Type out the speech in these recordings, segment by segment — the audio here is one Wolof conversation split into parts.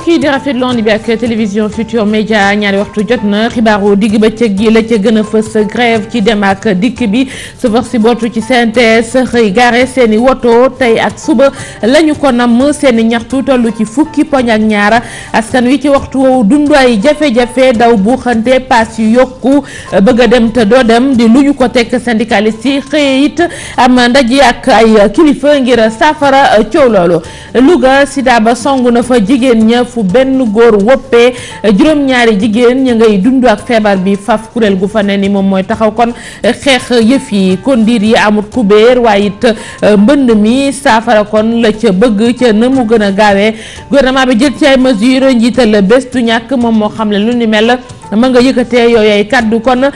mbokk yi di rafetlu woon bi ak télévision Futur Média ñaari waxtu jot na xibaaru digg bëccëg gi la ca gën a fës grève ci dem ak dikk bi chauffeur si bootu ci CNTS xëy gaare seen i woto tey ak suba lañu ko namm seen i ñaxtu toll ci fukki poñ ak ñaara askan wi ci waxtu woowu dundu ay jafe-jafe daw buuxante paas yu yokku bëgg a dem te doo dem di lu ñu ko teg syndicaliste yi xëy it am ndaje ak ay kilifa ngir saafara coow loolu Louga Sida ba songu na fa fu benn góor wóppee eh, juróom-ñaari jigéen ña ngay dund ak feebar bi faf kuréel gu fa ne ni moom mooy taxaw kon eh, xeex yëf yi kondiir yi amut kubéer waaye it eh, mbënn mi saafara kon la ca bëgg ca na mu gën a gaawee gouvernement bi jël ci ay mesures njiital bés du ñàkk moom moo xam ne lu ni mel ma nga yëkkatee yooyay kaddu kon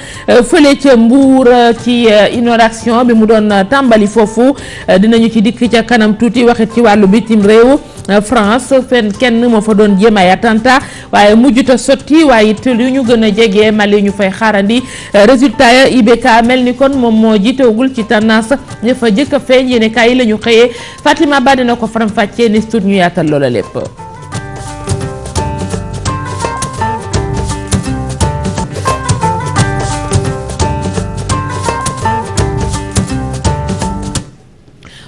fële ca mbuur ci inondation bi mu doon tàmbali foofu dinañu ci dikk ca kanam tuuti waxit ci wàllu bitim réew Euh, France fenn kenn moo fa doon jéem ay waaye mujjuta sotti waaye it yu ñu gën a jege Mali ñu fay xaarandi euh, résultat ya IBK mel ni kon moom moo jiitewagul ci tendance ña fa jëkk a feeñ yéene yi la ñu xëyee Fatima Ba dina ko faram-fàccee ni stuut ñu yaatal loola lépp.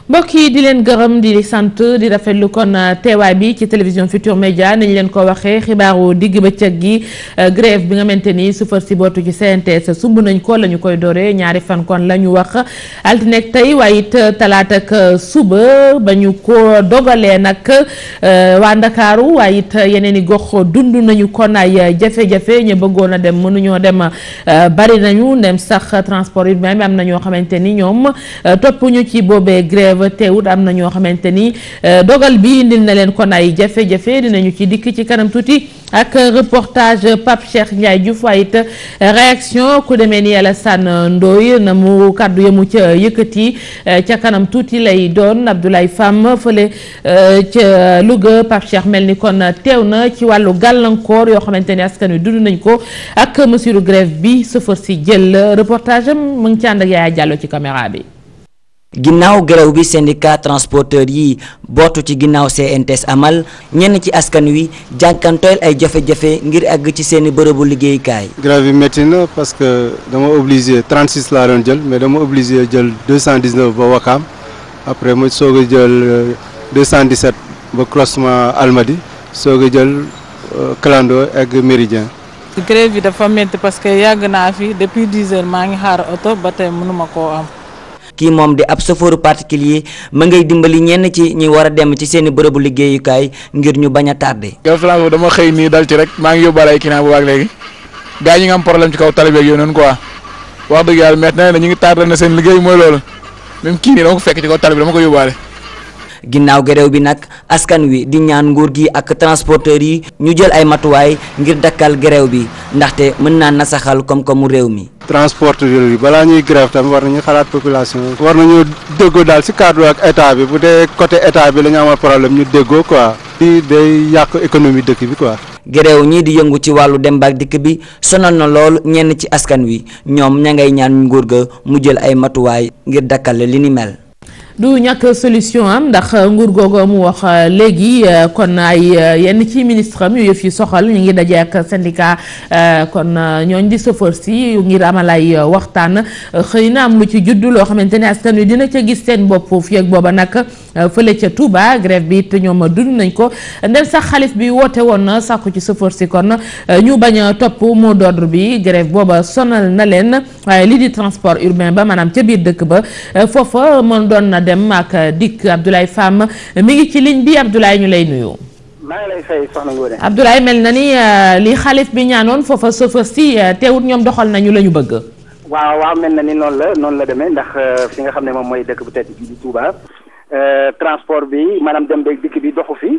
mbokk yi di leen gërëm di sant di rafetlu kon euh, teewaay bi ci télévision Futur Média nañ leen ko waxee xibaaru digg bëccëg gi euh, grève bi nga xamante ni sufar si bootu ci CNTS sumb nañ ko la ñu koy dooree ñaari fan kon la ñu wax altine tey waaye it euh, talaata ak suba ba ñu ko dogalee nag waa Ndakaaru waaye it yeneen i gox dund nañu kon ay jafe-jafe ñu bëggoon a dem mënuñoo dem bari nañu dem sax transport urbain bi am na ñoo xamante ni ñoom topp ñu ci grève teewut am na ñoo xamante ni euh, dogal bi indil na leen kon ay jafe-jafe dinañu ci dikk ci kanam tuuti ak reportage Pape Cheikh Ndiaye Diouf waaye it réaction ku demee ni yàlla sànn ndooy na mu kàddu yamu ca yëkkati euh, ca kanam tuuti lay doon Abdoulaye Fam fële euh, ca Louga Pape Cheikh mel ni kon teew na ci wàllu gàllankoor yoo xamante ni askan wi dund nañ ko ak mesure grève bi sëfër si jël reportage am mu ngi ci ànd ak Yaya ci caméra bi ginnaaw grève bi syndicat transporteur yi bootu ci ginnaaw CNTS amal ñenn ci askan wi jànkantooyal ay jafe-jafe ngir àgg ci seeni bërëbu liggéeyukaay. grève bi métti na parce que dama obligé 36 laa doon jël mais dama obligé jël 219 ba Wakaam après ma soog a jël 217 euh, ba croisement Almadi soog a jël euh, Clando ak Méridien. grève bi dafa métti parce que yàgg naa fi depuis 10 heures maa ngi xaar oto ba tey mënuma koo am. kii moom di ab chauffeur particulier ma ngay dimbali ñenn ci ñi war a dem ci seen bërëbu liggéeyukaay ngir ñu bañ a tardé. yow Flamme dama xëy nii dal ci rek maa ngi yóbbaale ay client bu baax léegi gars ñi nga am problème ci kaw tali beeg yooyu noonu quoi wax dëgg yàlla métti na ñu ngi tardé na seen liggéey mooy loolu même kii nii dama ko fekk ci kaw tali dama ko yóbbaale ginnaaw grève bi nag askan wi di ñaan nguur gi ak transporteurs yi ñu jël ay matuwaay ngir dakkal grève bi ndaxte mën naa nasaxal koom mu réew mi. transporteurs yi balaa ñuy grève tam war nañu xalaat population war nañu déggoo daal ci cadre ak état bi bu dee côté état bi la ñu amal problème ñu déggoo quoi. lii day yàq économie dëkk bi quoi. grève ñii di yëngu ci wàllu dem ak dikk bi sonal na lool ñenn ci askan wi ñoom ña ngay ñaan nguur ga mu jël ay matuwaay ngir dakkal li ni mel. du ñàkk solution am ndax nguur googu mu wax euh, léegi euh, kon ay euh, yenn ci ministre am yu yëf yi soxal ñu ngi daje ak syndicat kon ñooñ di chauffeur si ngir amal ay waxtaan xëy na am lu ci juddu loo xamante ne askan wi dina ca gis seen bopp fii ak booba nag fële ca Touba grève bi it ñoom dund nañ ko ndem sax xalif bi woote woon na sàkku ci chauffeur si kon ñu bañ a topp mot d'ordre bi grève booba sonal na leen waaye lii di transport urbain ba maanaam ca biir dëkk ba dem ak euh, dikk Abdoulaye Fam mi ngi ci ligne bi Abdoulaye ñu lay nuyu. maa ngi lay fay soxna Ngoné. Abdoulaye mel na ni euh, li xalif bi ñaanoon foofa sofas si euh, teewut ñoom doxal nañu la ñu bëgg. waaw waaw mel na ni noonu la noonu la demee ndax fi nga xam ne moom mooy dëkk bu tedd bi di Touba. transport bi maanaam dem beeg dikk bi doxu fi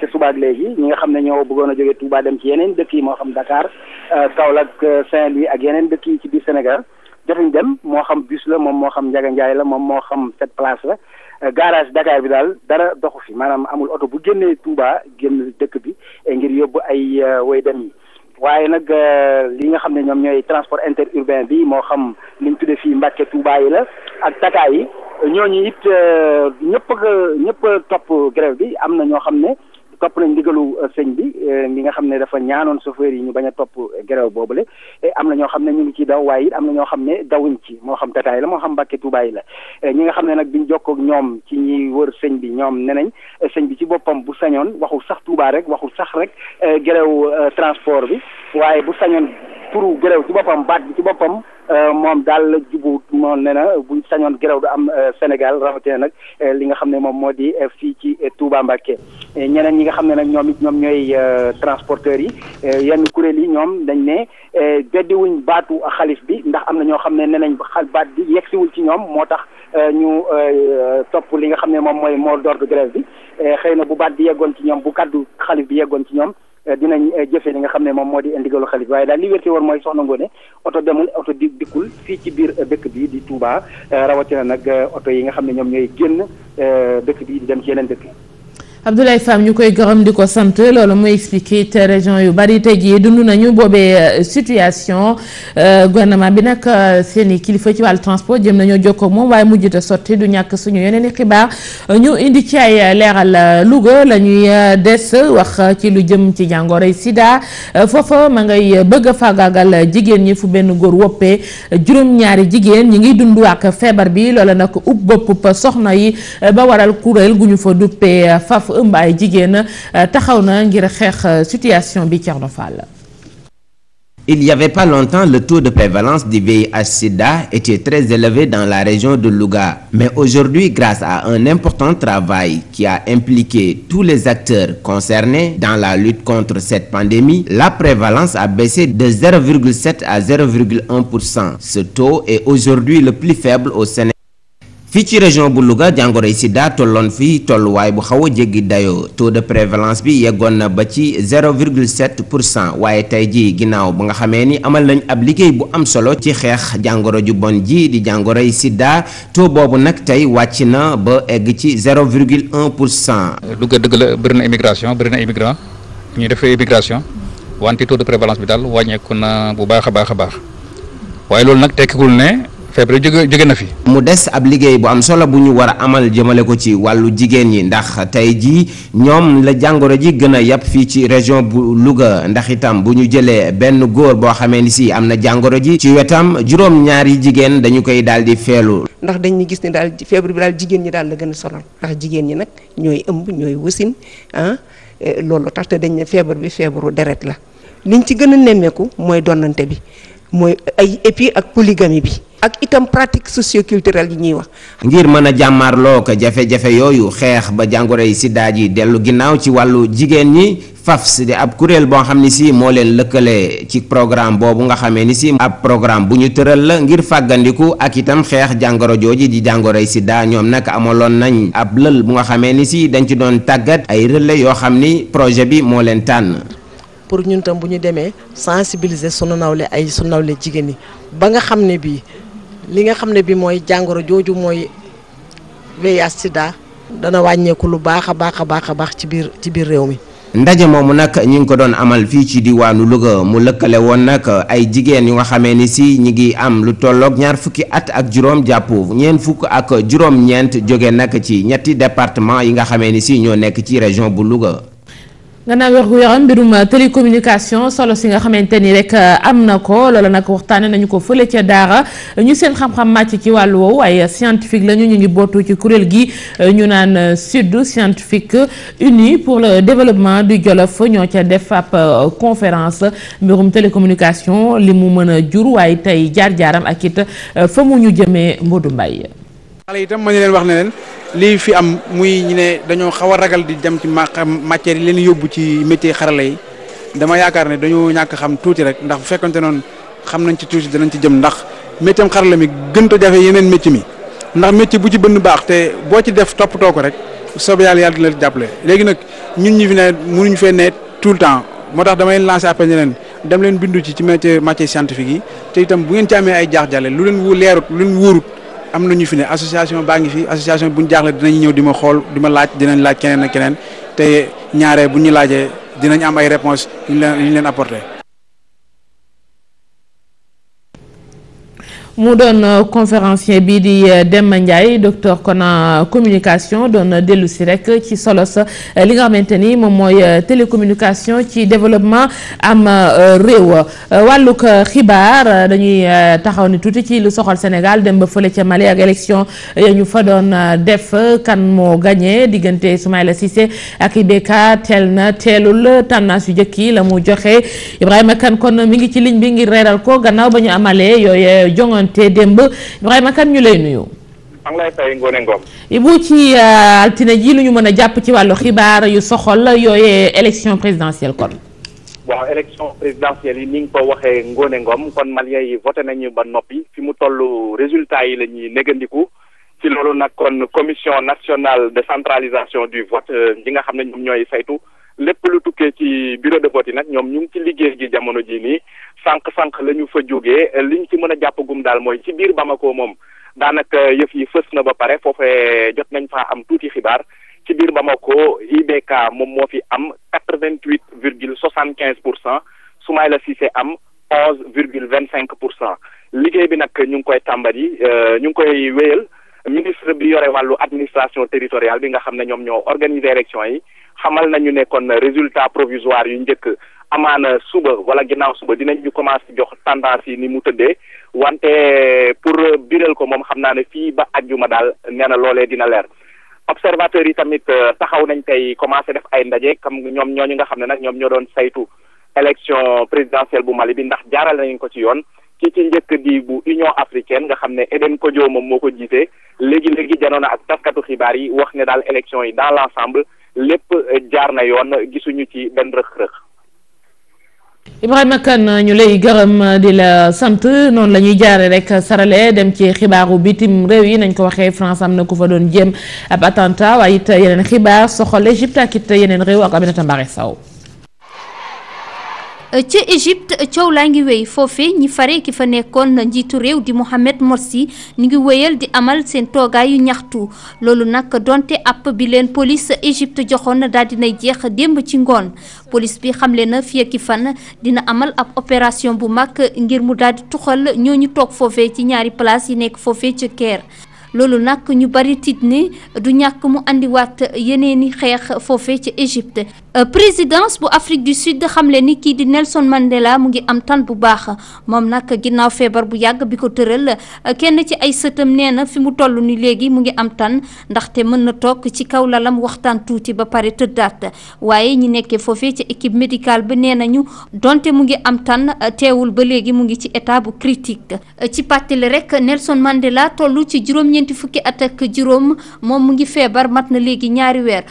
ci subaak léegi ñi nga xam ne ñoo bëggoon a jógee Touba dem ci yeneen dëkk yi moo xam Dakar Kaolack saint lii ak yeneen dëkk yi ci biir Sénégal. jotuñ dem moo xam bus la moom moo xam Ndiaga Ndiaye la moom moo xam cette place la euh, garage Dakar bi daal dara doxu fi maanaam amul oto bu génnee Touba génn dëkk bi ngir yóbbu ay euh, way dem yi waaye nag euh, li nga xam ne ñoom ñooy transport inter interurbain bi moo xam li ñu tuddee fii Mbàkke Touba yi la ak Tata yi ñooñu it ñëpp a ñëpp topp grève bi am na ñoo xam ne. topp nañ ndigalu euh, sëñ bi euh, mi nga xam ne dafa ñaanoon chauffeur yi ñu bañ a topp euh, gerew boobule eh, am na ñoo xam ne ñu ngi ci daw waaye it am na ñoo xam ne dawuñ ci moo xam tataay la moo xam mbàkke tuubaay la eh, ñi nga xam ne nag biñ jokkoo ak ci ñi wër sëñ bi ñoom ne nañ eh, sëñ bi ci boppam bu sañoon waxul sax tuubaa rek waxul sax rek gerew transport bi waaye bu sañoon pour gerew ci boppam baat bi ci boppam moom daal jubu moom nee na buñ sañoon gerew du am Sénégal rawatina nag li nga xam ne moom moo di fii ci Touba Mbacké Eh, ñeneen ñi nga xam ne nag ñoom it ñoom ñooy eh, transporteurs yi eh, yenn kuréel yi ñoom dañ ne beddiwuñ baatu xalif bi ndax am na ñoo xam ne nee nañ baat bi yegsiwul ci ñoom moo tax ñu topp li nga xam ne moom mooy moo d'ordre grève bi xëy na bu baat bi yeggoon ci bu kàddu xalif bi yeggoon ci ñoom dinañ jëfee li nga xam ne moom moo di ndigalu xalif waaye daal li wérte woon mooy soxna Ngoné oto demul oto di dikkul fii ci biir dëkk bi di Touba rawatina nag oto yi nga xam ne ñoom ñooy génn dëkk bi di dem ci yeneen Abdoulaye Fam ñu koy gërëm di ko sant loolu muy expliqué it région yu bari te jii dund nañu boobee euh, situation euh, gouvernement bi nag euh, seen i kilifa ci wàll transport jëm nañoo jokkoo moom waaye mujj ta sotti du ñàkk suñu yeneen i xibaar ñu indi ci ay leeral Louga lañuy ñuy des wax ci lu jëm ci jàngoor jàngoroy Sida foofa ma ngay bëgg a faagaagal jigéen ñi fu benn góor woppee juróom-ñaari jigéen ñi ngi dund feebar bi loola nag ub bopp soxna yi ba waral kuréel ëmb ay jigéen euh, taxaw na ngir xeex euh, situation bi Thierno Fall. Il y avait pas longtemps, le taux de prévalence du VIH-Sida était très élevé dans la région de luga Mais aujourd'hui, grâce à un important travail qui a impliqué tous les acteurs concernés dans la lutte contre cette pandémie, la prévalence a baissé de à 0,1%. Ce taux est aujourd'hui le plus faible au fii ci région bu Louga jàngoroy sida tolloon fi tolluwaay bu xaw a jéggi dayoo taux de prévalence bi yeggoon na ba ci 0,7 pour cent waaye tey jii ginnaaw ba nga xamee ni amal nañ ab liggéey bu am solo ci xeex jàngoro ju bon ji di jàngoro jàngoroy sida taux boobu nag tey wàcc na ba egg ci 0,1 pour cent. Louga dëgg la bëri na immigration bëri na immigrant ñu defee immigration wante taux de prévalence bi daal wàññeeku na bu baax a baax a baax waaye loolu nag tekkigul ne. feebar jóge na fi. mu des ab liggéey bu am solo bu ñu war a amal jëmale ko ci wàllu jigéen ñi ndax tey jii ñoom la jàngoro ji gën a yàpp fii ci région bu Louga ndax itam bu ñu jëlee benn góor boo xamee ni si am na jàngoro ji ci wetam juróom-ñaari jigéen dañu koy daal di feelu. ndax dañu gis ne daal feebar bi daal jigéen ñi daal la gën a sonal ndax jigéen ñi nag ñooy ëmb ñooy wasin ah eh, loolu tax te dañ ne feebar bi feebaru deret la liñ ci gën a nemmeeku mooy donnante bi mooy ay et ak polygamie bi. ak itam pratique socioculturelle yi ñuy wax. ngir mën a jàmmaarloo ko jafe-jafe yooyu xeex ba jàngoro yi si daaj yi dellu ginnaaw ci wàllu jigéen ñi. faf si di ab kuréel boo xam ni si moo leen lëkkale ci programme boobu nga xamee ni si ab programme bu ñu tëral la ngir fàggandiku ak itam xeex jàngoro jooju di jàngoro yi sida ñoom nag amaloon nañ ab lël bu nga xamee ni si dañ ci doon tàggat ay relais yoo xam ni projet bi moo leen tànn. pour ñun tam bu ñu demee sensibiliser sunu nawle ay sunu nawle jigéen ñi li nga xam ne bi mooy jàngoro jooju mooy VIH sida dana wàññeeku lu baax a baax a baax a baax ci biir ci biir réew mi ndaje moomu nag ñi ngi ko doon amal fii ci diwaanu luga mu lëkkale woon nag ay jigéen yu nga xamee ni si ñi ngi am lu tollook ñaar fukki at ak juróom jàpp ñeent fukk ak juróom-ñeent jóge nag ci ñetti département yi nga xamee ni si ñoo nekk ci région bu Louga gannaaw wérgu yaram mbirum euh, télécommunication solo si nga xamante ni rek euh, am na ko loolu nag waxtaane nañu ko fële ca daara ñu seen xam-xam màcc ci wàllu wow ay scientifique lañu ñu ngi bootu ci kuréel gi euh, ñu naan sud scientifique uni pour le développement di Jolof ñoo ca def ab conférence mbirum télécommunication li mu mën a jur waaye tey jaar-jaaram ak it fa mu ñu jëmee Modou Mbaye xale itam ma ne wax ne leen lii fi muy ñu ne dañoo xaw a ragal di dem ci matière yi yóbbu ci métier xarala yi dama yaakaar ne dañoo ñàkk xam tuuti rek ndax bu fekkante noonu xam nañ ci tuuti danañ ci jëm ndax métier am xarala mi gën a yeneen métier mi ndax métier bu ci bënn baax te boo ci def toppatoo ko rek soobee yàlla yàlla dina la léegi nag ñun ñi fi ne mënuñ fee ne tout le temps moo tax damay lancer appel ne leen dem leen bindu ci ci métier matière scientifique yi te itam bu ngeen ci amee ay jaax jale lu leen leerut lu leen wóorut am na ñu fi ne association baa ngi fi association bu ñu jaaxle dinañ ñëw di ma xool di ma laaj dinañ laaj keneen na keneen te ñaare bu ñu laajee dinañ am ay réponses yu leen yu leen apporté. mu doon euh, conférencier bi di dem euh, Demba Ndiaye docteur kona communication doon dellu si rek ci solo sa euh, li nga xamante ni moom mooy télécommunication ci développement am réew wàllug xibaar dañuy taxaw ni tuuti ci lu soxal Sénégal dem ba fële ca Mali ak élection ya ñu fa doon def kan moo gagné diggante la Cissé ak IBK teel na teelul tendance yu njëkk yi la mu joxe Ibrahima Kane kon mu ngi ci ligne bi ngir reeral ko gannaaw ba ñu amalee yooy jongoon joŋante démb Ibrahima kan ñu lay nuyu. maa ngi lay fay Ngoné Ngom. bu ci euh, altine ji lu ñu mën a jàpp ci wàllu xibaar yu soxol yooyee élection présidentielle kon. waaw élection présidentielle yi ni nga ko waxee ngoone ngoom kon Malien yi voté nañu ba noppi fi mu toll résultat yi la ñuy négandiku ci loolu nag kon commission nationale de centralisation du vote euh, ñi nga xam ne ñoom ñooy faytu lépp lu tukkee ci bureau de vote yi nag ñoom ñu ngi ci liggéey gi jamono ji nii sànq-sànq la ñu fa jógee ñu ci mën a jàppagum daal mooy ci biir Bamako moom daanaka yëf yi fës na ba pare foofee jot nañ faa am tuuti xibaar ci biir Bamako IBK moom moo fi am quatre-vingt-huit virgule soixante-quinze pour cent Soumaïla Cissé am onze virgule vingt-cinq pour cent liggéey bi nag ñu ngi koy tàmbali euh, ñu ngi koy wéyal ministre bi yore wàllu administration territoriale bi nga xam ne ñoom ñoo organiser élection yi xamal nañu ne kon résultat provisoire yu njëkk amaana suba wala ginnaaw suba dinañ ñu commencé jox tendance yi ni mu tëddee wante pour biral ko moom xam naa ne fii ba àjjuma daal nee na loolee dina leer observateurs yi tamit euh, taxaw nañ tey commencé def ay ndaje comme ñoom ñoo ñooñu nga xam ne nag ñoom ñoo doon saytu élection présidentielle bu Mali bi ndax jaaral nañ ko ci yoon ki ci njëkk di bu Union africaine nga xam ne Eden ko moom moo ko jiite léegi léegi janoon na ak taskatu xibaar yi wax ne daal élection yi dans l'ensemble lépp euh, jaar na yoon gisuñu ci benn rëq-rëq. Ibrahima Kane ñu lay gërëm euh, di la sant noonu la ñuy jaare rek sarale dem ci xibaaru bitim réew yi nañ ko waxee France am na ku fa doon jéem ab attentat waaye it yeneen xibaar soxal Égypte ak it yeneen réew ak Aminata saw Euh, ca Égypte euh, coow laa ngi wéy foofee ñi fare ki fa nekkoon na njiitu réew di Mohamed Morsi ñu ngi wéyal di amal seen toogaayu ñaxtu loolu nag donte app bi leen police Égypte joxoon na daal dinay jeex démb ci ngoon police bi xamle na fii ki fan dina amal ab opération bu mag ngir mu daal di tuxal ñu toog foofee ci ñaari place yi nekk foofee ca ker loolu nag ñu bari tiit ni du ñàkk mu andiwaat yeneeni xeex foofee ca Égypte Euh, présidence bu Afrique du Sud xamle ni kii di Nelson Mandela mu ngi am tan bu baax moom nag ginnaaw feebar bu yàgg bi ko tëral euh, kenn ci ay sëtam nee na fi mu toll ni léegi mu ngi am tan ndaxte mën na toog ci kaw lalam waxtaan tuuti ba pare tëddaat waaye ñi nekkee foofee ci équipe médical ba nee nañu donte mu ngi am tan euh, teewul ba léegi mu ngi ci état bu critique ci pàttali rek Nelson Mandela toll ci juróom-ñeenti fukki at ak juróom moom mu ngi feebar mat na léegi ñaari weer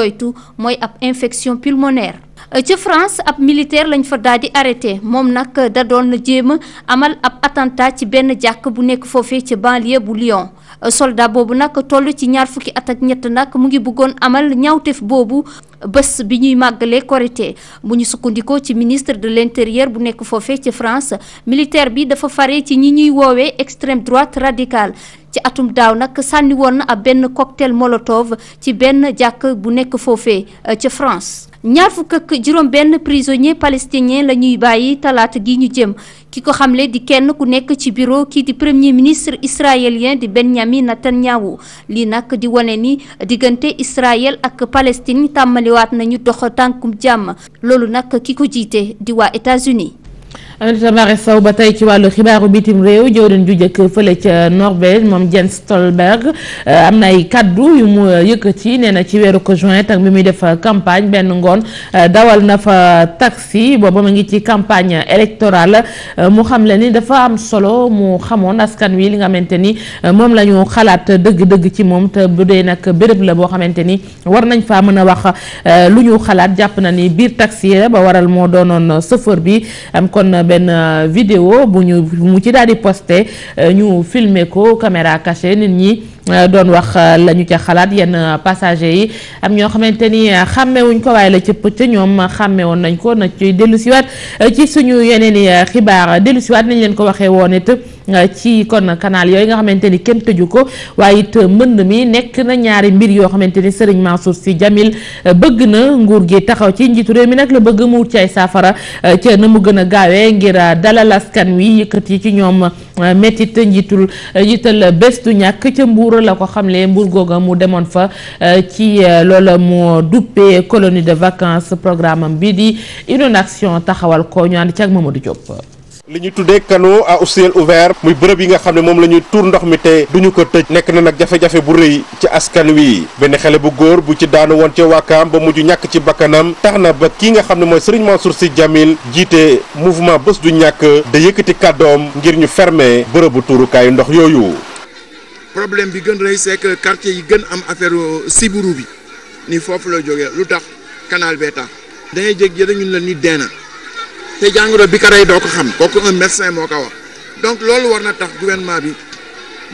jooytu mooy ab infection pulmonaire. ca France ab militaire lañ fa daal di arrêté moom nag da doon jéem amal ab attentat ci benn jàkk bu nekk foofee ci banlieue bu Lyon soldat boobu nag toll ci ñaar fukki at ak ñett nag mu ngi bëggoon amal ñaawteef boobu bés bi ñuy màggalee Korité mu ñu sukkandikoo ci ministre de l'intérieur bu nekk foofee ci France militaire bi dafa fare ci ñi ñuy woowee extrême droite radicale ci atum daaw nag sànni woon na ab benn cocktail molotov ci benn jàkk bu nekk foofee euh, ca France. ñaar fukk ak juróom benn prisonnier palestinien la ñuy bàyyi talaata gi ñu jëm ki ko xamle di kenn ku nekk ci bureau kii di premier ministre israélien di Benjamin Netanyahu lii nag di wane ni diggante Israël ak Palestine tàmmaliwaat nañu dox tànkum jàmm loolu nag ki ko jiite di waa États-Unis Aminata Mare Sow ba tey ci wàllu xibaaru bitim réew jëwriñ ju jëkk fële ca Norvège moom Jens Stoltenberg eh, am na ay kaddu yu mu eh, yëkkati nee na ci weeru ko juin tak bi muy def eh, campagne benn ngoon dawal na fa taxi booba ma ngi ci campagne électorale mu xam le ni dafa am solo mu xamoon askan wi li nga xamante ni moom la ñu xalaat dëgg-dëgg ci moom te bu dee nag béréb la boo xamante ni war nañ faa mën a wax lu ñu xalaat jàpp na ni biir taxi ba waral moo doonoon bi benn euh, vidéo bu ñu mu ci daal di posté euh, ñu filmer ko caméra cachée nit ñi Euh, doon wax euh, la ñu ca xalaat yenn euh, passager yi am ñoo xamante ni xàmmewuñ ko waaye la ca pëcc ñoom xàmmewoon nañ ko na ci dellu siwaat ci suñu yeneen i xibaar dellu siwaat nañ leen ko waxee woon it ci kon canal yooyu nga xamante ni kenn tëju ko waaye it mbënd mi nekk na ñaari mbir yoo xamante ni Serigne Mansour si Djamil bëgg na nguur gi taxaw ci njiitu réew mi nag la bëgg mu wut ci ay saafara ca na mu gën a gaawee ngir dalal askan wi yi ci ñoom métit njiitul loolu la ko xamle Mbour googa mu demoon fa euh, ci euh, loola mu duppee colonie de vacances programme am bii di inondation taxawal ko ñu ànd ci du Mamadou Diop. li ñu tuddee canaux à ciel ouvert muy bërëb yi nga xam ne moom la ñuy tuur ndox mi te duñu ko tëj nekk na nag jafe-jafe bu rëy ci askan wi benn xale bu góor bu ci daanu woon ci waakaam ba mujj ñàkk ci bakkanam tax na ba kii nga xam ne mooy Serigne Mansour Sy Djamil jiite mouvement bés du ñàkk da yëkkati kàddoom ngir ñu fermer bërëbu tuurukaayu ndox yooyu problème bi gën rëy c'est que quartier yi gën am affaire siburu bi ni foofu la jóge lu tax kanaal bee tax dangay jég jëda ñun la nit dee na te jàngoro bi ka rey doo ko xam kooku un médecin moo ko wax donc loolu war na tax gouvernement bi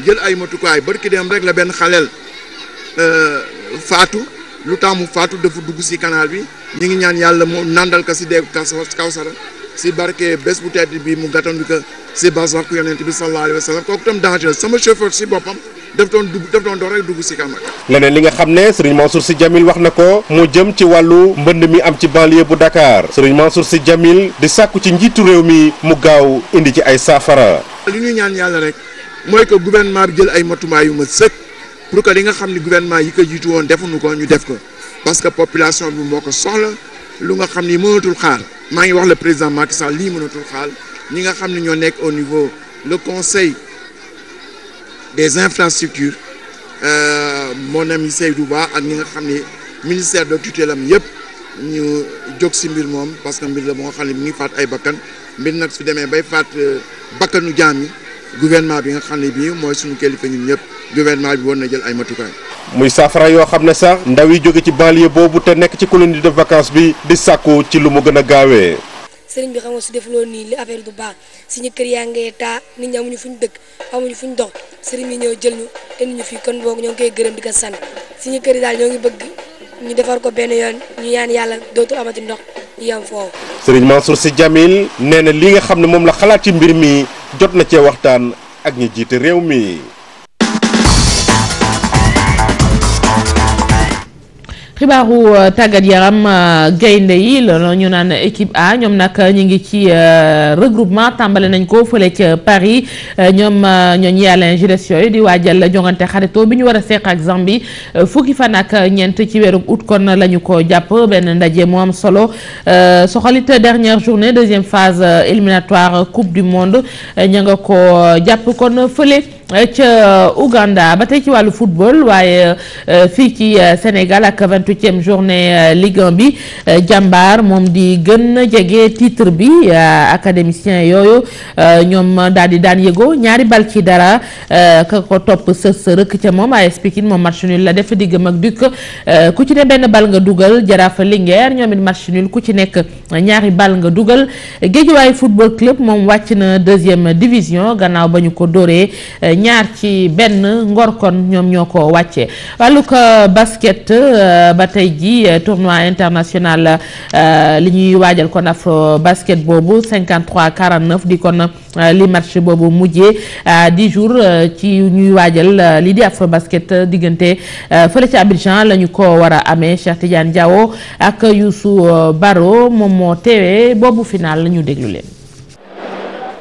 jël ay matukaay barki dem rek la benn xaleel euh, faatu lu tax mu faatu dafa dugg ci canal bi ñu ngi ñaan yàlla mu nàndal ko ci dee kaw sara si barke bés bu tedd bi mu gàttam bi que si basak yonent bi sallallahu alayhi wa sallam kooku tam danger sama chauffeur si boppam daf doon dugg rek dugg si Kaolack. leneen li nga xam ne Serigne Mansour Sy Djamil wax na ko mu jëm ci wàllu mbënd mi am ci banlieue bu Dakar Serigne Mansour si Djamil di sàkku ci njiitu réew mi mu gaaw indi ci ay saafara. li ñuy ñaan yàlla rek mooy que gouvernement bi jël ay matumaay yu ma sëkk pour que li nga xam ni gouvernement yi ko jiitu woon defuñu ko ñu def ko parce que population bi moo ko soxla. lu nga xam ni mënatul xaar maa ngi wax le président Macky Sall lii mënatul xaar ñi nga xam ne ñoo nekk au niveau le conseil des infrastructures euh, mon ami Seydou Ba ak ñi nga xam ni ministère de tutelle am yëpp ñu jóg si mbir moom parce que mbir la moo xam ne mi ngi faat ay bakkan mbir nag su demee bay faat euh, bakkanu jaam gouvernement bi nga xam ne bii mooy suñu kilifa ñun ñëpp gouvernement bi war na jël ay matukaay. muy saafara yoo xam ne sax ndaw yi jóge ci banlieue boobu te nekk ci colonie de vacances bi di sàkku ci lu mu gën a gaawee. sëriñ bi xam nga si def loo nii li affaire du baax suñu kër yaa ngi taa nit ñi amuñu fuñ dëkk amuñu ñu dox sëriñ bi ñëw jël ñu indi ñu fii kon boog ñoo ngi koy gërëm di ko sant suñu kër yi daal ñoo ngi bëgg ñu defar ko benn yoon ñu ñaan yàlla dootu amati ndox yam foofu. sëriñ Mansour nee na li nga xam ne moom la xalaat ci mbir mi jot na cee waxtaan ak ñu jiite réew mi. xibaaru euh, tàggat yaram euh, gaynde yi la ñu naan équipe A ñoom nag ñu ngi ci euh, regroupement tàmbali nañ ko fële ca Paris ñoom ñooñ yàlla jeunesse yooyu di waajal jongante xarito bi ñu war a seq ak Zambie fukki fan ak ñeent ci weeru août kon la ñu ko jàpp benn ndaje mu am solo soxalit dernière journée deuxième phase éliminatoire coupe du monde ñu nga ko jàpp kon fële. Eh, ca Ouganda uh, ba tey ci wàllu football waaye uh, fii ci uh, Sénégal ak 28e journée Ligue bi jàmbaar moom di gën a jege titre bi académicien yooyu ñoom daal daan yëgoo ñaari bal ci dara ka ko topp sës rëkk ca moom AS Pikine moom match nul la def diggam ak Duc ku ci ne benn bal nga dugal Jaraaf Linguère ñoom it match ku ci nekk ñaari ball nga dugal waaye football club moom wàcc na deuxième division gannaaw ba ñu ko dóoree ñaar ci benn ngor kon ñoom ñoo ko wàccee wàllu ko euh, basket euh, ba tey ji euh, tournoi international li ñuy waajal kon afro basket boobu 53 49 di kon li match boobu mujjee di jours ci ñuy waajal li di afro basket diggante fële ci Abidjan la ñu ko war a amee Cheikh Tidiane Diawo ak Youssou Baro moom moo teewee boobu final la ñu déglu leen.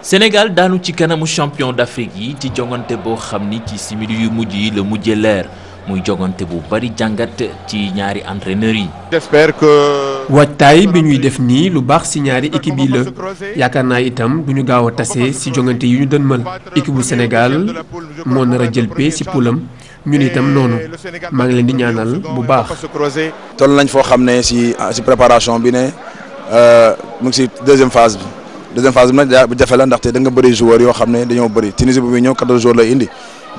Sénégal daanu ci kanamu champion d'Afrique yi ci jongante boo xam ni ci simili yu mujj yi la mujje leer muy jogante bu bari jàngat ci ñaari entraîneurs yi. j'espère que. waajtaay bi ñuy def nii lu baax ci ñaari équipe yi la yaakaar naa itam bu ñu gaaw a tase ci jongante yi ñu dënmal. équipe bu Sénégal moo nar a jël pee ci poulam ñun itam noonu maa ngi leen di ñaanal bu baax. toll nañ foo xam ne ci ci préparation bi ne euh, mu ngi ci deuxième phase bi. deuxième phase bi nag jafe la ndaxte da nga bëri joueurs yoo xam ne dañoo bëri Tunisie bu muy ñëw 14 lay indi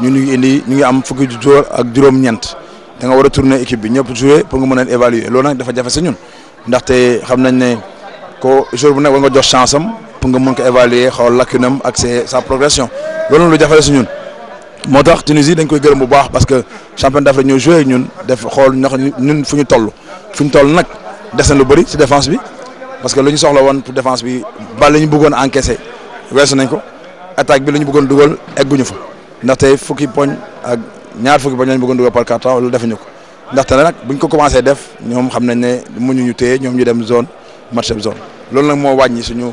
ñun ñu ngi am fukki joueur ak juróom-ñeent da nga war a tourner équipe bi ñëpp jouer pour nga mën leen évaluer loolu nag dafa jafe si ñun ndaxte xam nañ ne ko joueur bu nekk war nga jox chance am pour nga mun ko évaluer xool lacune am ak ses sa progression loolu nag lu jafe si ñun moo tax Tunisie dañ koy gërëm bu baax parce que champion d'Afrique ñoo joué ñun def xool ñun fu ñu toll fu ñu toll nag des na lu bëri si défense bi. parce que lu ñu soxla woon pour défense bi ba la ñu bëggoon encaissé weesu nañ ko attaque bi la ñu bëggoon dugal egguñu fa ndaxte fukki poñ ak ñaar fukki poñ la ñu bëggoon dugal par carton wala defuñu ko ndaxte nag buñ ko commencé def ñoom xam nañ ne mu mënuñu téye ñoom ñu dem zone match zone loolu nag moo wàññi suñu.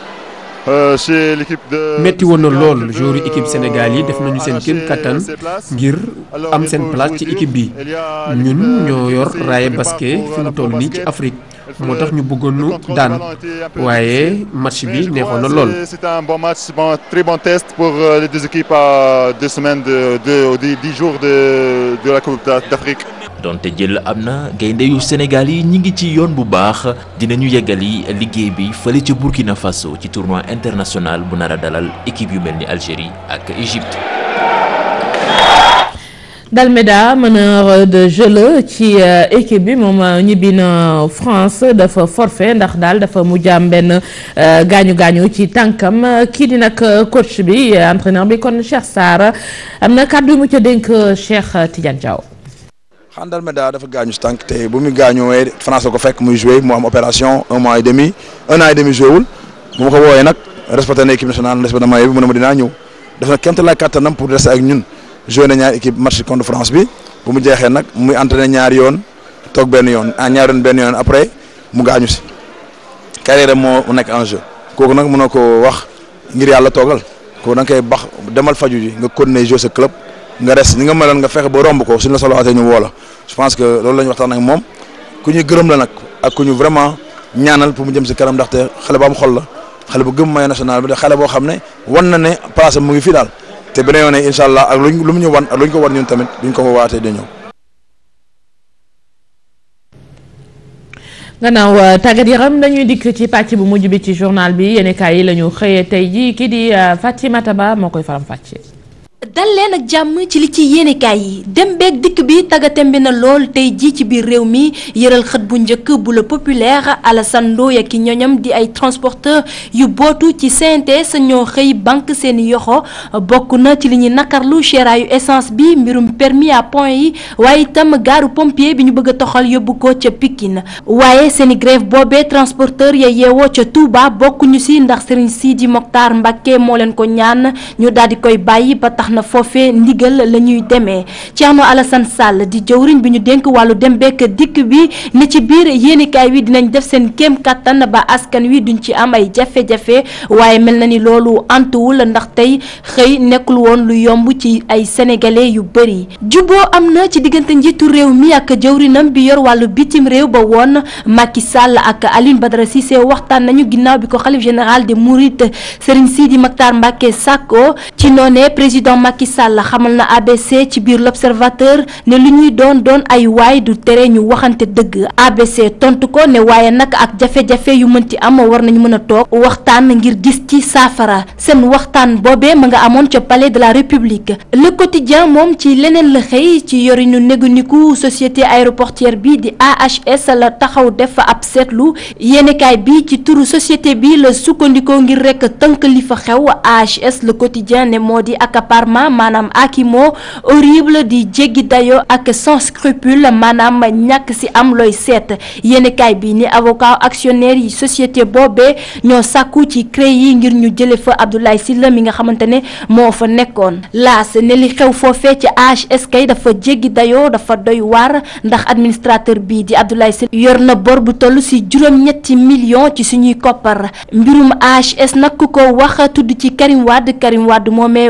Euh, chez l'équipe de. métti woon na lool joueur équipe Sénégal yi def nañu seen kenn kattan ngir am seen place ci équipe bi ñun ñoo yor raaye basket fi mu toll nii ci Afrique moo tax ñu bëggoon daan waaye match bi neexoon na lool. c'est un bon match bon très bon test pour euh, les deux équipes à de de dix donte jël am na gaynde yu Sénégal yi ñu ngi ci yoon bu baax dinañu yeggali liggéey bi fële ca Burkina Faso ci tournoi international bu nar a dalal équipe yu mel ni Algérie ak Égypte. Dalmeda meneur de jeu ci euh, équipe bi moom euh, ñibbi na France dafa forfait ndax daal dafa mujj am benn euh, gaañu gaañu ci tànkam kii di nag coach bi entraîneur bi kon Cheikh Sarr am na kàddu yu mu ca dénk Cheikh Tidiane Diaw. Xandalmeda dafa gaañu si tànk te bu muy gaañoowee France ko fekk muy joué mu am opération un mois demi un an et demi joué wul bu ma ko wooyee nag respecté na équipe nationale respecté na bi mu ne ma dinaa ñëw def na kéem tolluwaay kattanam pour rester ak ñun joué na ñaari équipe match contre France bi bu mu jeexee nag muy entraîné ñaari yoon toog benn yoon ah ñaari benn yoon après mu gaañu si carrière moo nekk en jeu kooku nag mun mënoo ko wax ngir yàlla toogal kooku da nga koy demal faju ji nga continuer jouer sa nga des ni nga meloon nga fexe ba romb ko suñ la solo atee ñu woo la je pense que loolu la ñu waxtaan ak moom ku ñuy gërëm la nag ak ku ñu vraiment ñaanal pour mu jëm si kanam ndaxte xale bu am xol la xale bu gëm maillot national bi de xale boo xam ne wan na ne place mu ngi fii daal te beneen yoon incha allah ak ñu lu mu ñu wan ak luñ ko wan ñun tamit duñ ko waatee di ñëw. gannaaw euh, tàggat yaram dañuy dikk ci pàcc bu mujj bi ci journal bi yéenekaay yi la ñu xëyee tey jii kii di euh, Fatimata Ba moo koy faram-fàccee. dal leen ak jàmm ci li ci yéenekaay yi dem beeg dikk bi tàggatem bi na lool tey jii ci biir réew mi yëral xët bu njëkk bu la populaire Alassane Ndoye ak ñoñam di ay transporteur yu bootu ci CNTS ñoo xëy banque seen yoxo bokk na ci li ñuy nakarlu chéraayu essence bi mbirum permis à point yi waaye itam gaaru pompier bi ñu bëgg a toxal yóbbu ko ca Pikine waaye seen i grève boobee transporteur ya yeewoo ca Touba bokkuñu si ndax Serigne Sidi Mokhtar Mbacké moo leen ko ñaan ñu daal di koy bàyyi ba tax na foofee ndigal la ñuy demee Thierno Alassane Sall di jëwriñ bi ñu dénk wàllu dem bekk dikk bi ne ci biir yéenikaay wi dinañ def seen kéem kattan ba askan wi duñ ci am ay jafe-jafe waaye mel na ni loolu ant antuwul ndax tey xëy nekkul woon lu yomb ci ay sénégalais yu bëri juboo am na ci diggante njiitu réew mi ak jëwrinam bi yor wàllu bitim réew ba woon Macky sàll ak Alioune Badara Cissé waxtaan nañu ginnaaw bi ko xalif général des Mourides Serigne Sidi Makhtar Mbacké Sakko ci noonee Macky Sall xamal na ABC ci biir l'observateur ne lu ñuy doon doon ay waay du tere ñu waxante dëgg ABC tontu ko ne waaye nag ak jafe-jafe yu mënti am war nañu mën a toog waxtaan ngir gis ci saafara seen waxtaan boobee ma nga amoon ca palais de la république le quotidien moom ci leneen la xëy ci yorinu négu niku société aéroportière bi di AHS la taxaw def ab seetlu yéenekaay bi ci turu société bi la sukkandikoo ngir rekk tënk li fa xew AHS le quotidien ne moo di accaparement serment maanaam akimo horrible di jéggi dayoo ak sans scrupule maanaam ñàkk si am looy seet yéenekaay bi ni avocat actionnaire yi société boobee ñoo sàkku ci CREI yi ngir ñu jële fa Abdoulaye Sylla mi nga xamante ne moo fa nekkoon laas ne li xew foofee ci HSK dafa jéggi dayoo dafa doy waar ndax administrateur bi di Abdoulaye Sylla yor na bor bu tollu si juróom-ñetti millions ci suñuy koppar mbirum HS nag ku ko wax tudd ci Karim Wade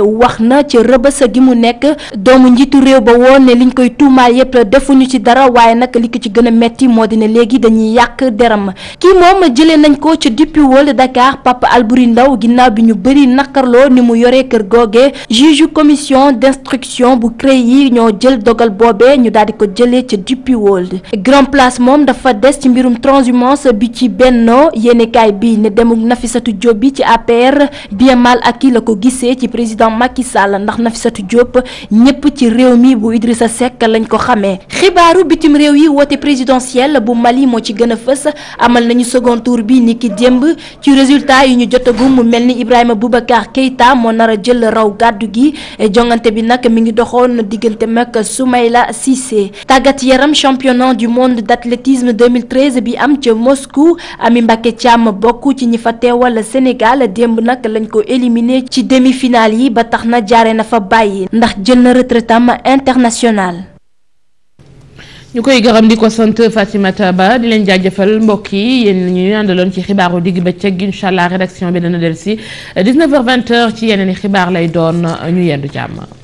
wax na ci rëbës gi mu nekk doomu njiitu réew ba woon ne ñu koy tuumaal yépp defuñu ci dara waaye nag li ko ci gën a metti moo di ne léegi dañuy yàq deram kii moom jëlee nañ ko ca DPV de Dakar Papa Albouri Ndaw ginnaaw bi ñu bëri nakarloo ni mu yoree kër googe juge commission d'instruction bu CREI yi ñoo jël dogal boobee ñu daal di ko jëlee ca DP World grand place moom dafa des ci mbirum transhumance bi ci bennoo yéenekaay bi ne demuk nafisatu Diop bi ci APR bien mal ak ki la ko gisee ci président Macky ndax Nafissatou Diop ñëpp ci réew mi bu Idrissa Seck lañ ko xamee xibaaru bitim réew yi woote présidentielle bu Mali moo ci gën a fës amal nañu second tour bi niki démb ci résultat yi ñu jotagum mu mel ni Ibrahima Boubacar Keïta moo nar a jël raw gàddu gi jongante bi nag mi ngi doxoon diggante su may la Cissé tàggat yaram championnat du monde d'athlétisme 2013 bi am ca Moscou Ami Mbacké Thiam bokk ci ñi fa teewal Sénégal démb nag lañ ko éliminé ci demi yi ba waree na fa bàyyi ndax jël na retraitam international. ñu koy gërëm di ko sant Fatimata Ba di leen jaajëfal mbokk yi yéen ñu àndaloon ci xibaaru digg bëccëg incha allah rédaction bi dana dellu si 19h 20 ci yeneen i xibaar lay doon ñu yendu jàmm.